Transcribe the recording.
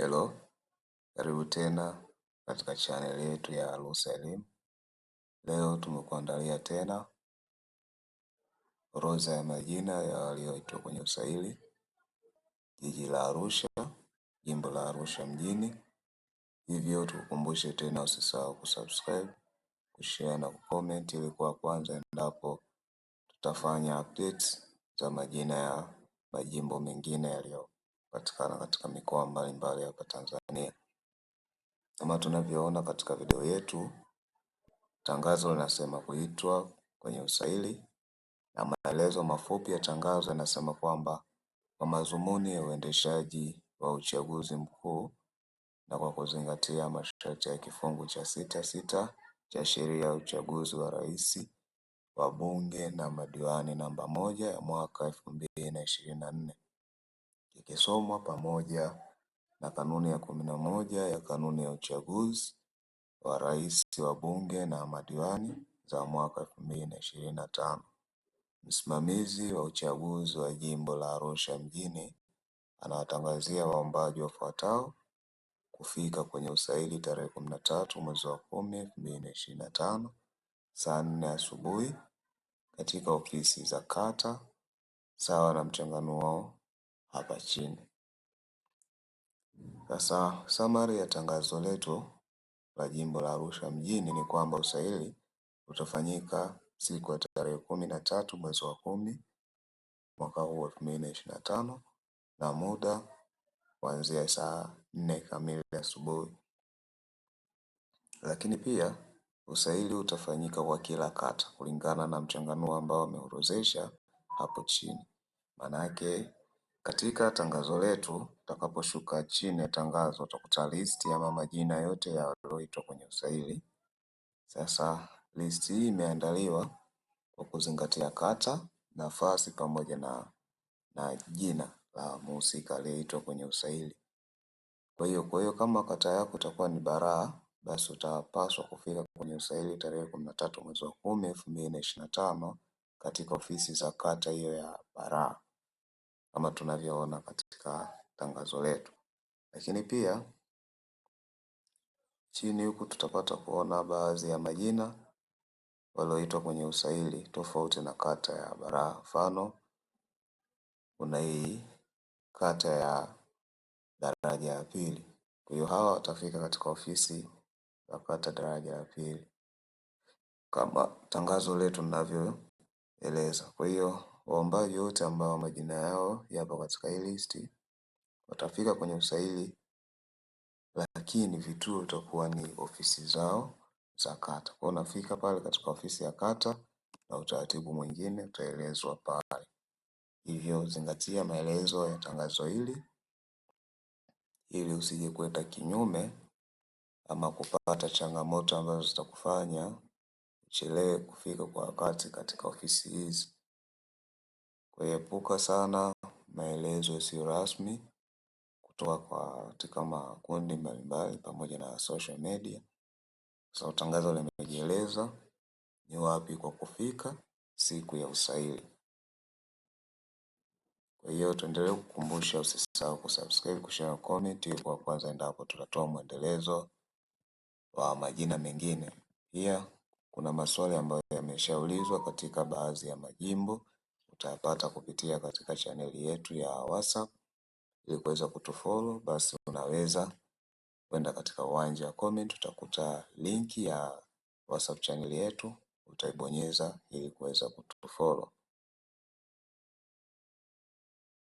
Hello, karibu tena katika chaneli yetu ya Lusa Elimu. Leo tumekuandalia tena orodha ya majina ya walioitwa kwenye usaili: jiji la Arusha, jimbo la Arusha mjini. Hivyo tukukumbushe tena, usisahau kusubscribe, kushare na kucomment ili kuwa kwanza endapo tutafanya updates za majina ya majimbo mengine yaliyo hupatikana katika mikoa mbalimbali hapa Tanzania. Kama tunavyoona katika video yetu, tangazo linasema kuitwa kwenye usaili na maelezo mafupi ya tangazo yanasema kwamba kwa madhumuni ya uendeshaji wa uchaguzi mkuu na kwa kuzingatia masharti ya kifungu cha sita sita cha sheria ya uchaguzi wa rais wa bunge na madiwani namba moja ya mwaka elfu mbili na ishirini na nne ikisomwa pamoja na Kanuni ya kumi na moja ya Kanuni ya Uchaguzi wa Rais wa bunge na Madiwani za mwaka elfu mbili na ishirini na tano. Msimamizi wa uchaguzi wa jimbo la Arusha mjini anawatangazia waombaji wafuatao kufika kwenye usaili tarehe kumi na tatu mwezi wa kumi elfu mbili na ishirini na tano saa nne asubuhi katika ofisi za kata sawa na mchanganuo hapa chini. Sasa summary ya tangazo letu la jimbo la Arusha mjini ni kwamba usaili utafanyika siku ya tarehe kumi na tatu mwezi wa kumi mwaka huu elfu mbili na ishirini na tano na muda kuanzia saa nne kamili asubuhi. Lakini pia usaili utafanyika kwa kila kata kulingana na mchanganuo ambao wameorodhesha hapo chini, maanake katika tangazo letu utakaposhuka chini ya tangazo utakuta listi ama majina yote yaliyoitwa kwenye usaili. Sasa listi hii imeandaliwa kwa kuzingatia kata, nafasi pamoja na, na jina la mhusika aliyeitwa kwenye usaili. Kwa hiyo kwa hiyo kama kata yako itakuwa ni Baraa, basi utapaswa kufika kwenye usaili tarehe kumi na tatu mwezi wa kumi elfu mbili na ishirini na tano katika ofisi za kata hiyo ya Baraa kama tunavyoona katika tangazo letu. Lakini pia chini huku tutapata kuona baadhi ya majina walioitwa kwenye usaili tofauti na kata ya baraa Mfano, kuna hii kata ya daraja ya pili. Kwa hiyo hawa watafika katika ofisi za kata daraja ya pili kama tangazo letu linavyoeleza. Kwa hiyo Waombaji wote ambao majina yao yapo katika hii listi watafika kwenye usaili, lakini vituo vitakuwa ni ofisi zao za kata. Kwa hiyo unafika pale katika ofisi ya kata na utaratibu mwingine utaelezwa pale, hivyo zingatia maelezo ya tangazo hili ili usije kuenda kinyume ama kupata changamoto ambazo zitakufanya uchelewe kufika kwa wakati katika ofisi hizi. Kuepuka sana maelezo yasiyo rasmi kutoka kwa katika makundi mbalimbali pamoja na social media. So tangazo limejieleza ni wapi kwa kufika siku ya usaili. Kwa hiyo tuendelee kukumbusha usisahau kusubscribe, kushare na comment ili kwa kwanza endapo tutatoa mwendelezo wa majina mengine. Pia kuna maswali ambayo yameshaulizwa katika baadhi ya majimbo utapata kupitia katika chaneli yetu ya WhatsApp ili kuweza kutufollow, basi unaweza kwenda katika uwanja wa comment, utakuta linki ya WhatsApp chaneli yetu, utaibonyeza ili kuweza kutufollow.